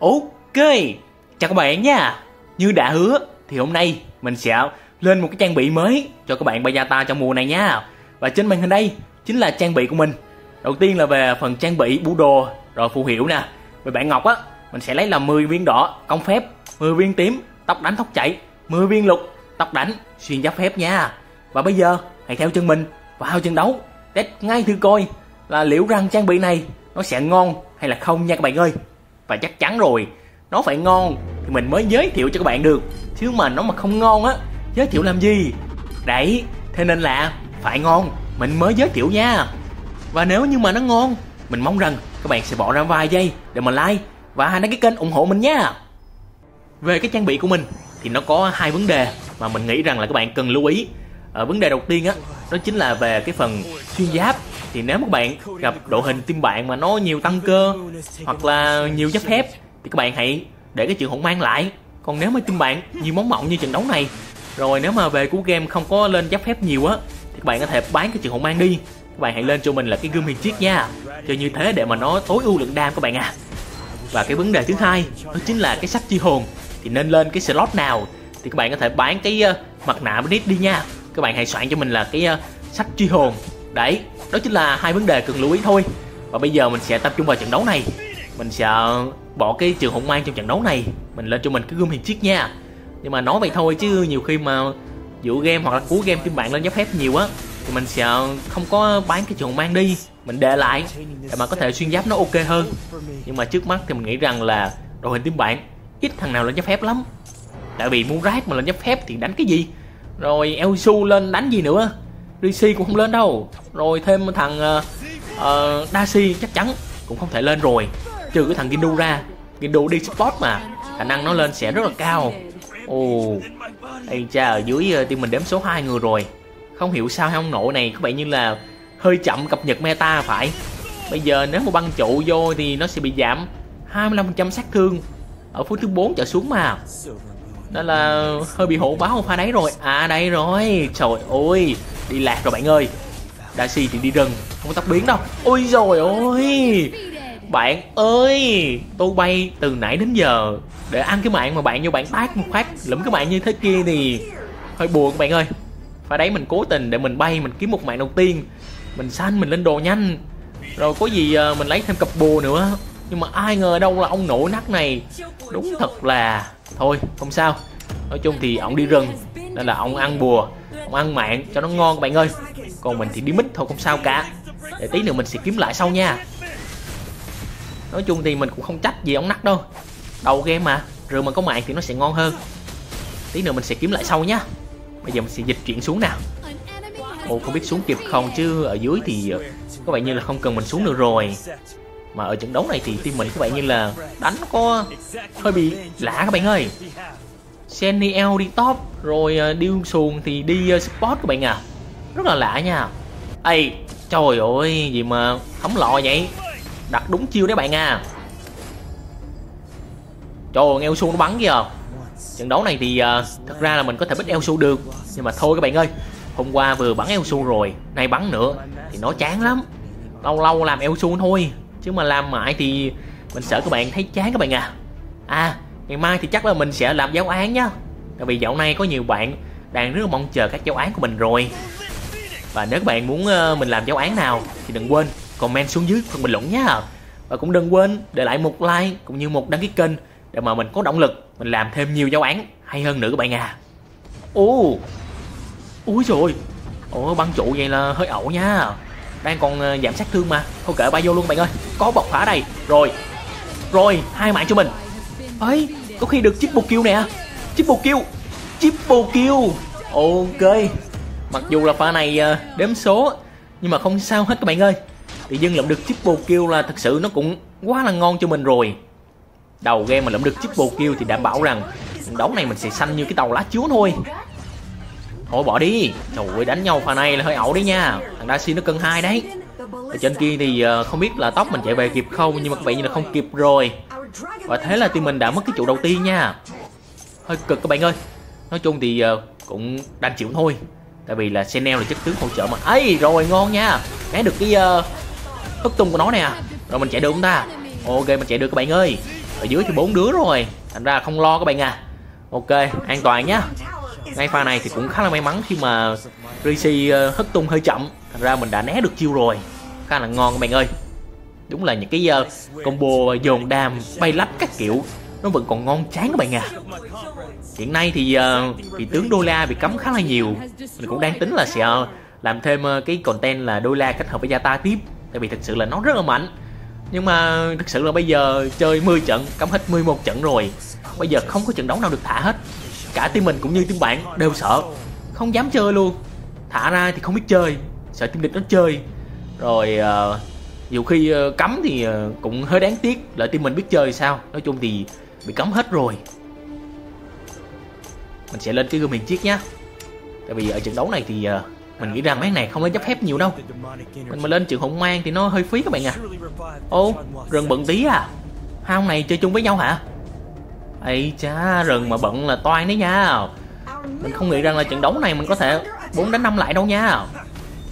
Ok, chào các bạn nha Như đã hứa thì hôm nay mình sẽ lên một cái trang bị mới cho các bạn Bayata trong mùa này nha Và trên màn hình đây chính là trang bị của mình Đầu tiên là về phần trang bị bù đồ rồi phù hiệu nè Về bạn Ngọc á, mình sẽ lấy là 10 viên đỏ công phép 10 viên tím tóc đánh tóc chạy 10 viên lục tóc đánh xuyên giáp phép nha Và bây giờ hãy theo chân mình vào trận đấu Test ngay thử coi là liệu rằng trang bị này nó sẽ ngon hay là không nha các bạn ơi và chắc chắn rồi nó phải ngon thì mình mới giới thiệu cho các bạn được chứ mà nó mà không ngon á giới thiệu làm gì đấy thế nên là phải ngon mình mới giới thiệu nha và nếu như mà nó ngon mình mong rằng các bạn sẽ bỏ ra vài giây để mà like và hãy đăng ký kênh ủng hộ mình nha về cái trang bị của mình thì nó có hai vấn đề mà mình nghĩ rằng là các bạn cần lưu ý ở ờ, vấn đề đầu tiên á đó chính là về cái phần xuyên giáp thì nếu các bạn gặp đội hình team bạn mà nó nhiều tăng cơ hoặc là nhiều giáp thép thì các bạn hãy để cái chuyện hỗn mang lại còn nếu mà team bạn nhiều món mỏng như trận đấu này rồi nếu mà về cú game không có lên giáp phép nhiều á thì các bạn có thể bán cái chuyện hỗn mang đi các bạn hãy lên cho mình là cái gươm hiền chiếc nha cho như thế để mà nó tối ưu lượng đam các bạn à và cái vấn đề thứ hai đó chính là cái sách chi hồn thì nên lên cái slot nào thì các bạn có thể bán cái uh, mặt nạ với đi nha các bạn hãy soạn cho mình là cái uh, ờ, sách chi hồn đấy đó chính là hai vấn đề cần lưu ý thôi và bây giờ mình sẽ tập trung vào trận đấu này mình sợ bỏ cái trường hỗn mang trong trận đấu này mình lên cho mình cái gươm hiền chiếc nha nhưng mà nói vậy thôi chứ nhiều khi mà dụ game hoặc là cú game trên bản lên giáp phép nhiều á thì mình sợ không có bán cái trường mang đi mình để lại để mà có thể xuyên giáp nó ok hơn nhưng mà trước mắt thì mình nghĩ rằng là đội hình team bản ít thằng nào lên giáp phép lắm tại vì muốn rác mà lên giáp phép thì đánh cái gì rồi Elsu lên đánh gì nữa DC cũng không lên đâu Rồi thêm thằng uh, Dashi chắc chắn cũng không thể lên rồi Trừ cái thằng Gindu ra Gindu đi support mà Khả năng nó lên sẽ rất là cao Ồ Ây cha ở dưới ờ, team mình đếm số 2 người rồi Không hiểu sao hai ông nội này có vẻ như là Hơi chậm cập nhật meta phải Bây giờ nếu mà băng trụ vô thì nó sẽ bị giảm 25% sát thương Ở phút thứ 4 trở xuống mà Đó là hơi bị hổ báo pha đấy rồi À đây rồi Trời ơi đi lạc rồi bạn ơi Dashi thì đi rừng không có tóc biến đâu ôi rồi ôi bạn ơi tôi bay từ nãy đến giờ để ăn cái mạng mà bạn như bạn tác một phát lụm cái mạng như thế kia thì hơi buồn bạn ơi phải đấy mình cố tình để mình bay mình kiếm một mạng đầu tiên mình xanh mình lên đồ nhanh rồi có gì ờ, mình lấy thêm cặp bùa nữa nhưng mà ai ngờ đâu là ông nổ nắc này đúng thật là thôi không sao nói chung thì ông đi rừng nên là ông ăn bùa còn ăn mặn cho nó ngon các bạn ơi còn mình thì đi mít thôi không sao cả để tí nữa mình sẽ kiếm lại sau nha nói chung thì mình cũng không trách gì ông nắc đâu đầu game mà rượu mà có mạng thì nó sẽ ngon hơn tí nữa mình sẽ kiếm lại sau nhá bây giờ mình sẽ dịch chuyển xuống nào ồ không biết xuống kịp không chứ ở dưới thì ờ, có vẻ như là không cần mình xuống được rồi mà ở trận đấu này thì team mình có vẻ như là đánh có hơi bị lạ các bạn ơi Senny L đi top rồi ờ, điêu xuồng thì đi ờ, spot các bạn à rất là lạ nha ây trời ơi gì mà không lò vậy đặt đúng chiêu đấy bạn à trời ơi eo su nó bắn kìa trận đấu này thì uh, thật ra là mình có thể bích eo su được nhưng mà thôi các bạn ơi hôm qua vừa bắn eo su rồi nay bắn nữa thì nó chán lắm lâu lâu làm eo su thôi chứ mà làm mãi thì mình sợ các bạn thấy chán các bạn à à ngày mai thì chắc là mình sẽ làm giáo án nhá tại vì dạo này có nhiều bạn đang rất mong chờ các giáo án của mình rồi và nếu các bạn muốn ờ, mình làm giáo án nào thì đừng quên comment xuống dưới phần bình luận nhé và cũng đừng quên để lại một like cũng như một đăng ký kênh để mà mình có động lực mình làm thêm nhiều giáo án hay hơn nữa các bạn à ô ui rồi ủa băng trụ vậy là hơi ẩu nha đang còn ờ, giảm sát thương mà thôi kệ bay vô luôn bạn ơi có bọc phá đây rồi rồi hai mạng cho mình ấy có khi được chip bù kêu nè chip bù kêu chip bù kêu ok mặc dù là pha này ờ, đếm số nhưng mà không sao hết các bạn ơi thì dân lượm được chip bù kêu là thật sự nó cũng quá là ngon cho mình rồi đầu game mà lượm được chip bù kêu thì đảm bảo rằng đấu này mình sẽ xanh như cái tàu lá chúa thôi thôi bỏ đi trời ơi đánh nhau pha này là hơi ẩu đấy nha thằng dashi nó cân hai đấy ở trên kia thì ờ, không biết là tóc mình chạy về kịp không nhưng mà các bạn như là không kịp rồi và thế là team mình đã mất cái trụ đầu tiên nha Hơi cực các bạn ơi Nói chung thì ờ, cũng đành chịu thôi Tại vì là Chanel là chất tướng hỗ trợ mà ấy rồi ngon nha Né được cái uh, hất tung của nó nè Rồi mình chạy được không ta Ok mình chạy được các bạn ơi Ở dưới thì bốn đứa rồi Thành ra không lo các bạn à Ok an toàn nhá Ngay pha này thì cũng khá là may mắn khi mà Rishi uh, hất tung hơi chậm Thành ra mình đã né được chiêu rồi Khá là ngon các bạn ơi đúng là những cái uh, combo dồn đam bay lắp các kiểu nó vẫn còn ngon chán các bạn à hiện nay thì uh, ờ, thì tướng đô la bị cấm khá là nhiều mình cũng đang tính là sẽ ờ, làm thêm uh, cái content là đô la kết hợp với gia ta tiếp tại vì thực sự là nó rất là mạnh nhưng mà thực sự là bây giờ chơi 10 trận cấm hết 11 trận rồi bây giờ không có trận đấu nào được thả hết cả team mình cũng như team bạn đều sợ không dám chơi luôn thả ra thì không biết chơi sợ team địch nó chơi rồi uh, dù khi ờ, cấm thì ờ, cũng hơi đáng tiếc Lợi team mình biết chơi sao Nói chung thì bị cấm hết rồi Mình sẽ lên cái gương hiền chiếc nhá Tại vì ở trận đấu này thì ờ, mình nghĩ rằng mấy này không lấy chấp phép nhiều đâu Mình mà lên trường hỗn mang thì nó hơi phí các bạn à Ô, rừng bận tí à Hai ông này chơi chung với nhau hả Ây cha, rừng mà bận là toan đấy nha Mình không nghĩ rằng là trận đấu này mình có thể 4 đánh năm lại đâu nha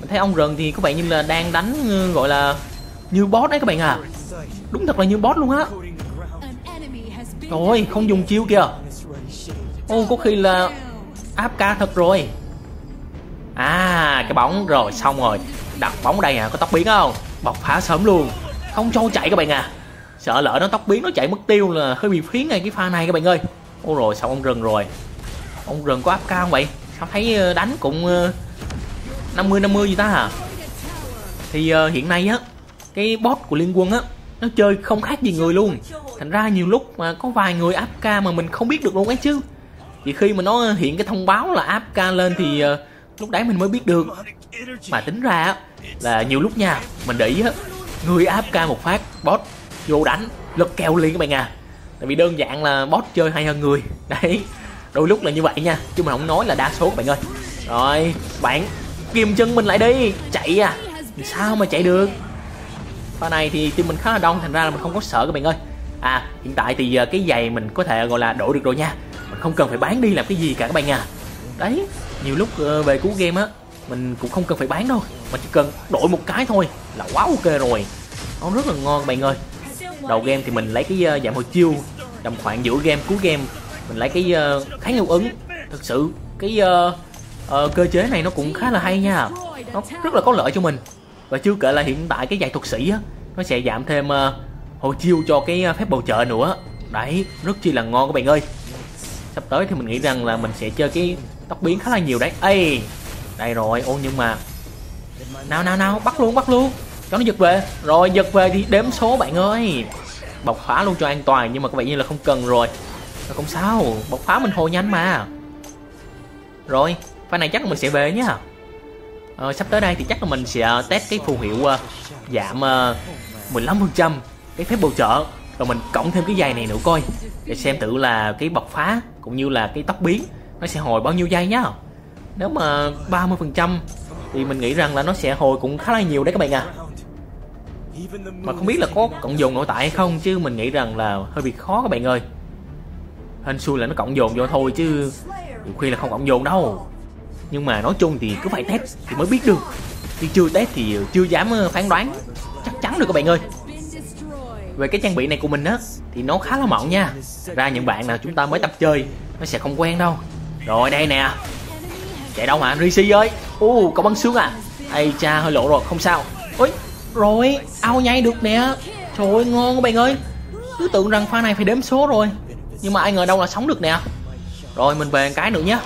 Mình thấy ông rừng thì có vẻ như là đang đánh gọi là như boss đấy các bạn à đúng thật là như boss luôn á rồi không dùng chiêu kìa ô có khi là áp ca thật rồi à cái bóng rồi xong rồi đặt bóng đây à có tóc biến không bọc phá sớm luôn không cho chạy các bạn à sợ lỡ nó tóc biến nó chạy mất tiêu là hơi bị phiến ngay cái pha này các bạn ơi ô rồi xong ông rừng rồi ông rừng có áp ca không vậy sao thấy ờ, đánh cũng 50 ờ, 50 gì ta hả à? thì uh, hiện nay á cái bot của liên quân á nó chơi không khác gì người luôn thành ra nhiều lúc mà có vài người áp ca mà mình không biết được luôn ấy chứ chỉ khi mà nó hiện cái thông báo là áp ca lên thì ờ, lúc đấy mình mới biết được mà tính ra là nhiều lúc nha mình để ý á người áp ca một phát bot vô đánh lật kèo liền các bạn à tại vì đơn giản là bot chơi hay hơn người đấy đôi lúc là như vậy nha chứ mà không nói là đa số các bạn ơi rồi bạn kiềm chân mình lại đi chạy à sao mà chạy được pha này thì team mình khá là đông thành ra là mình không có sợ các bạn ơi à hiện tại thì giờ cái giày mình có thể gọi là đổi được rồi nha mình không cần phải bán đi làm cái gì cả các bạn à đấy nhiều lúc ờ, về cứu game á mình cũng không cần phải bán đâu mà chỉ cần đổi một cái thôi là quá ok rồi nó rất là ngon các bạn ơi đầu game thì mình lấy cái giảm ờ, dạ, hồi chiêu tầm khoảng giữa game cuối game mình lấy cái ờ, kháng hiệu ứng thực sự cái uh, uh, cơ chế này nó cũng khá là hay nha nó rất là có lợi cho mình và chưa kể là hiện tại cái giày thuật sĩ á nó sẽ giảm thêm uh, ờ, hồi chiêu cho cái ờ, phép bầu trời nữa đấy rất chi là ngon các bạn ơi sắp tới thì mình nghĩ rằng là mình sẽ chơi cái tóc biến khá là nhiều đấy ây đây rồi ô nhưng mà nào nào nào bắt luôn bắt luôn cho nó giật về rồi giật về thì đếm số bạn ơi bộc phá luôn cho an toàn nhưng mà các bạn như là không cần rồi không sao bộc phá mình hồi nhanh mà rồi pha này chắc mình sẽ về nhá uh, sắp tới đây thì chắc là mình sẽ test cái phù hiệu uh, giảm uh, ờ, 15% cái phép bầu trợ rồi mình cộng thêm cái giày này nữa coi để xem tự là cái bọc phá cũng như là cái tóc biến nó sẽ hồi bao nhiêu giây nhá nếu mà 30% thì mình nghĩ rằng là nó sẽ hồi cũng khá là nhiều đấy các bạn ạ à. mà không biết là có cộng dồn nội tại hay không chứ mình nghĩ rằng là hơi bị khó các bạn ơi hên xui là nó cộng dồn vô thôi chứ nhiều khi là không cộng dồn đâu nhưng mà nói chung thì cứ phải test thì mới biết được khi chưa test thì chưa dám ờ, phán đoán chắc chắn được các bạn ơi về cái trang bị này của mình á thì nó khá là mỏng nha ra những bạn nào chúng ta mới tập chơi nó sẽ không quen đâu rồi đây nè chạy đâu mà rishi ơi u có băng sướng à ây cha hơi lộ rồi không sao ôi rồi ao nhay được nè trời ơi ngon các bạn ơi cứ tưởng rằng pha này phải đếm số rồi nhưng mà ai ngờ đâu là sống được nè rồi mình về một cái nữa nhé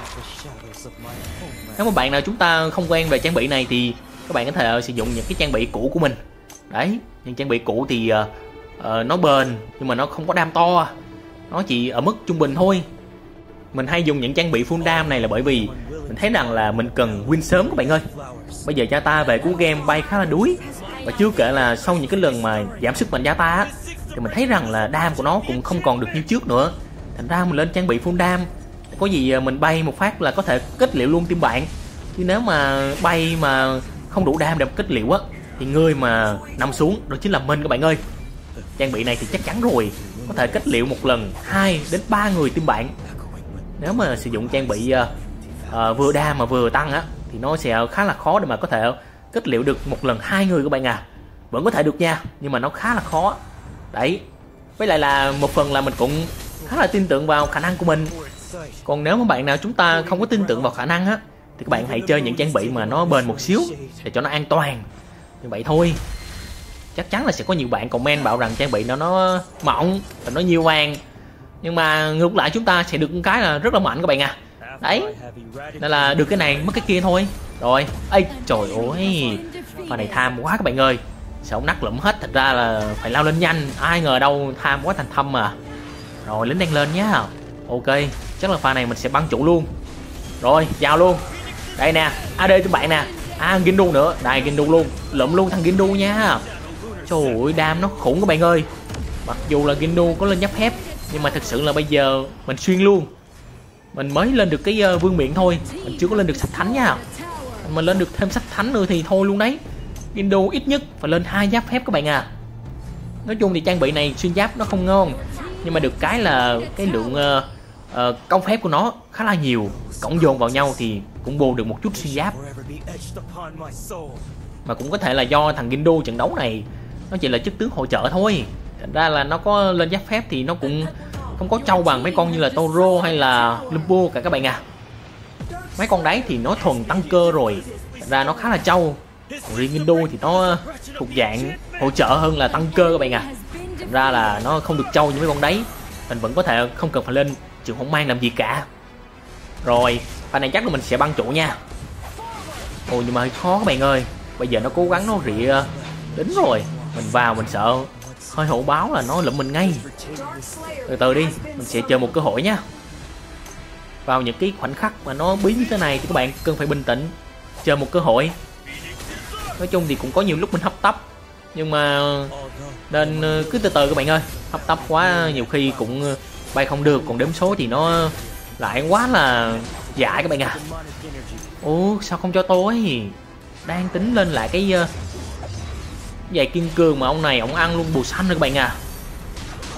nếu mà bạn nào chúng ta không quen về trang bị này thì các bạn có thể sử dụng những cái trang bị cũ của mình đấy những trang bị cũ thì uh, nó bền nhưng mà nó không có đam to nó chỉ ở mức trung bình thôi mình hay dùng những trang bị full dam này là bởi vì mình thấy rằng là mình cần win sớm các bạn ơi bây giờ cha ta về cú game bay khá là đuối và chưa kể là sau những cái lần mà giảm sức mạnh gia ta thì mình thấy rằng là đam của nó cũng không còn được như trước nữa thành ra mình lên trang bị full dam có gì ờ, mình bay một phát là có thể kết liễu luôn team bạn chứ nếu mà bay mà không đủ đam để kết liễu á thì người mà nằm xuống đó chính là mình các bạn ơi trang bị này thì chắc chắn rồi có thể kết liễu một lần hai đến ba người team bạn nếu mà sử dụng trang bị uh, vừa đa mà vừa tăng á thì nó sẽ khá là khó để mà có thể kết liễu được một lần hai người các bạn à vẫn có thể được nha nhưng mà nó khá là khó đấy với lại là một phần là mình cũng khá là tin tưởng vào khả năng của mình còn nếu mà bạn nào chúng ta không có tin tưởng vào khả năng á thì các bạn hãy chơi những trang bị mà nó bền một xíu để cho nó an toàn như vậy thôi chắc chắn là sẽ có nhiều bạn comment bảo rằng trang bị nó nó mỏng và nó nhiều vàng nhưng mà ngược lại chúng ta sẽ được cái là rất là mạnh các bạn à đấy nên là được cái này mất cái kia thôi rồi ấy trời ơi pha này tham quá các bạn ơi sao ông nắc lụm hết thật ra là phải lao lên nhanh ai ngờ đâu tham quá thành thâm mà rồi lính đang lên nhá ok chắc là pha này mình sẽ băng chủ luôn rồi vào luôn đây nè ad cho bạn nè à gindu nữa đây gindu luôn lượm luôn thằng gindu nha trời ơi đam nó khủng các bạn ơi mặc dù là gindu có lên nhấp thép nhưng mà thật sự là bây giờ mình xuyên luôn mình mới lên được cái uh, vương miệng thôi mình chưa có lên được sách thánh nha mình lên được thêm sách thánh nữa thì thôi luôn đấy gindu ít nhất phải lên hai giáp phép các bạn à nói chung thì trang bị này xuyên giáp nó không ngon nhưng mà được cái là cái lượng uh, uh, công phép của nó khá là nhiều cộng dồn vào nhau thì cũng bù được một chút xuyên giáp mà cũng có thể là do thằng Gindo trận đấu này nó chỉ là chức tướng hỗ trợ thôi thành ra là nó có lên giáp phép thì nó cũng không có trâu bằng mấy con như là Toro hay là Lumbo cả các bạn à mấy con đấy thì nó thuần tăng cơ rồi thành ra nó khá là trâu còn riêng Gindo thì nó thuộc dạng hỗ trợ hơn là tăng cơ các bạn à thành ra là nó không được trâu như mấy con đấy mình vẫn có thể không cần phải lên trường không mang làm gì cả rồi pha này chắc là mình sẽ băng trụ nha ôi nhưng mà hơi khó các bạn ơi bây giờ nó cố gắng nó rịa đến rồi mình vào mình sợ hơi hậu báo là nó lụm mình ngay từ từ đi mình sẽ chờ một cơ hội nha vào những cái khoảnh khắc mà nó bí như thế này thì các bạn cần phải bình tĩnh chờ một cơ hội nói chung thì cũng có nhiều lúc mình hấp tấp nhưng mà nên ờ, cứ từ từ các bạn ơi hấp tấp quá nhiều khi cũng ờ, bay không được còn đếm số thì nó lại quá là dại các bạn à ô sao không cho tôi đang tính lên lại cái uh, giày kim cương mà ông này ông ăn luôn bù xanh rồi các bạn à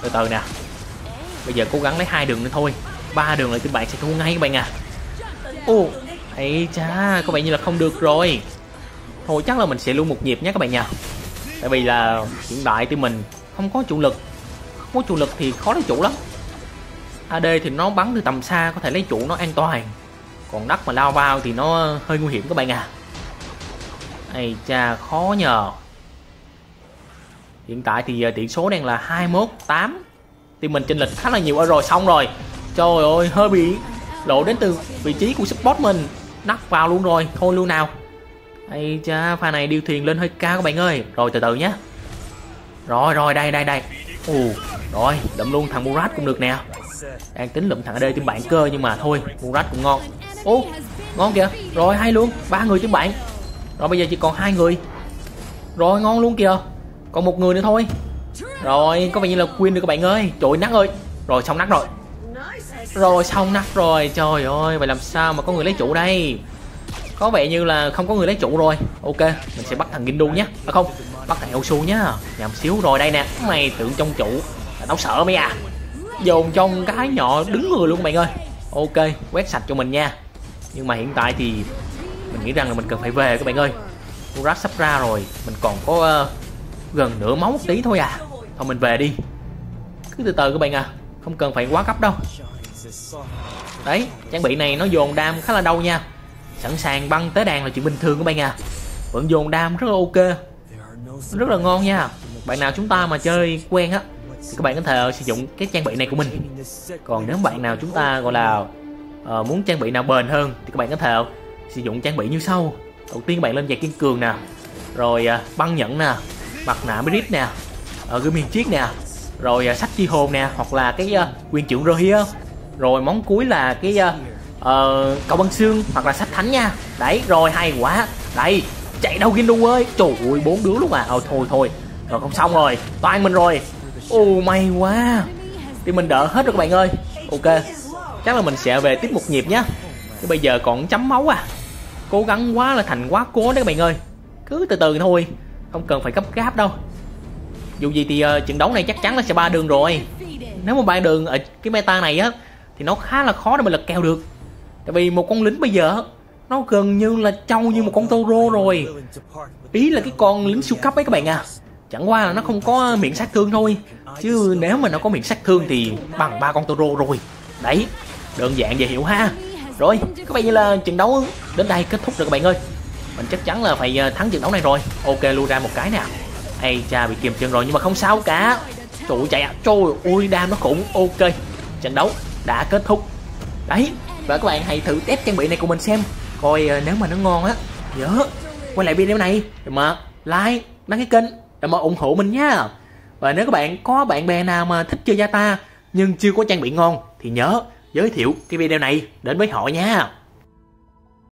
từ từ nè bây giờ cố gắng lấy hai đường nữa thôi ba đường là các bạn sẽ thua ngay các bạn à ô ấy cha có vẻ như là không được rồi thôi chắc là mình sẽ luôn một nhịp nhé các bạn nha tại vì là hiện đại thì mình không có chủ lực không có chủ lực thì khó lấy chủ lắm AD à, thì nó bắn từ tầm xa có thể lấy trụ nó an toàn còn đất mà lao vào thì nó hơi nguy hiểm các bạn à Ây cha khó nhờ Hiện tại thì à, tỷ số đang là 21-8 Thì mình chênh lịch khá là nhiều ờ, rồi xong rồi Trời ơi hơi bị lộ đến từ vị trí của support mình Nắp vào luôn rồi thôi luôn nào Ây cha pha này điều thuyền lên hơi cao các bạn ơi Rồi từ từ nhé Rồi rồi đây đây đây Ồ rồi đậm luôn thằng Murat cũng được nè đang tính lụm thằng đây trên bạn cơ nhưng mà thôi Murat cũng ngon ô ngon kìa rồi hay luôn ba người trên bạn rồi bây giờ chỉ còn hai người rồi ngon luôn kìa còn một người nữa thôi rồi có vẻ như là quên được các bạn ơi trội nắng ơi rồi xong nắc rồi rồi xong nắc rồi trời ơi vậy làm sao mà có người lấy chủ đây có vẻ như là không có người lấy chủ rồi ok mình sẽ bắt thằng gindu nhé à không bắt thằng elsu nhá nhầm xíu rồi đây nè mày tưởng trong trụ là tao sợ mày à dồn trong cái nhỏ đứng người luôn bạn ơi ok quét sạch cho mình nha nhưng mà hiện tại thì mình nghĩ rằng là mình cần phải về các bạn ơi Murat sắp ra rồi mình còn có uh, gần nửa máu một tí thôi à thôi mình về đi cứ từ từ các bạn à không cần phải quá gấp đâu đấy trang bị này nó dồn đam khá là đau nha sẵn sàng băng tới đàn là chuyện bình thường các bạn à vẫn dồn đam rất là ok rất là ngon nha bạn nào chúng ta mà chơi quen á thì các bạn có thể sử dụng cái trang bị này của mình còn nếu bạn nào chúng ta gọi là uh, muốn trang bị nào bền hơn thì các bạn có thể sử dụng trang bị như sau đầu tiên các bạn lên giày kiên cường nè rồi uh, băng nhẫn nè mặt nạ brit nè ở ờ, gươm hiền chiếc nè rồi uh, sách chi hồn nè hoặc là cái uh, quyền trưởng rohir rồi món cuối là cái uh, uh, cậu băng xương hoặc là sách thánh nha đấy rồi hay quá đây chạy đâu kinh Gindu ơi trời ơi bốn đứa luôn à ờ thôi thôi rồi không xong rồi toàn mình rồi Ồ may quá Thì mình đỡ hết rồi các bạn ơi Ok Chắc là mình sẽ về tiếp một nhịp nhá Chứ bây giờ còn chấm máu à Cố gắng quá là thành quá cố đấy các bạn ơi Cứ từ từ thôi Không cần phải gấp gáp đâu Dù gì thì uh, trận đấu này chắc chắn là sẽ ba đường rồi Nếu mà ba đường ở cái meta này á Thì nó khá là khó để mình lật kèo được Tại vì một con lính bây giờ Nó gần như là trâu như một con Toro rồi Ý là cái con lính siêu cấp ấy các bạn à chẳng qua là nó không có miệng sát thương thôi chứ nếu mà nó có miệng sát thương thì bằng ba con toro rồi đấy đơn giản vậy hiểu ha rồi các bạn như là trận đấu đến đây kết thúc rồi các bạn ơi mình chắc chắn là phải ờ, thắng trận đấu này rồi ok lui ra một cái nè hay cha bị kìm chân rồi nhưng mà không sao cả trụ chạy ạ à. trôi ui đam nó khủng ok trận đấu đã kết thúc đấy và các bạn hãy thử test trang bị này của mình xem coi ờ, nếu mà nó ngon á nhớ quay lại video này mà like đăng ký kênh để mà ủng hộ mình nha và nếu các bạn có bạn bè nào mà thích chơi gia ta nhưng chưa có trang bị ngon thì nhớ giới thiệu cái video này đến với họ nha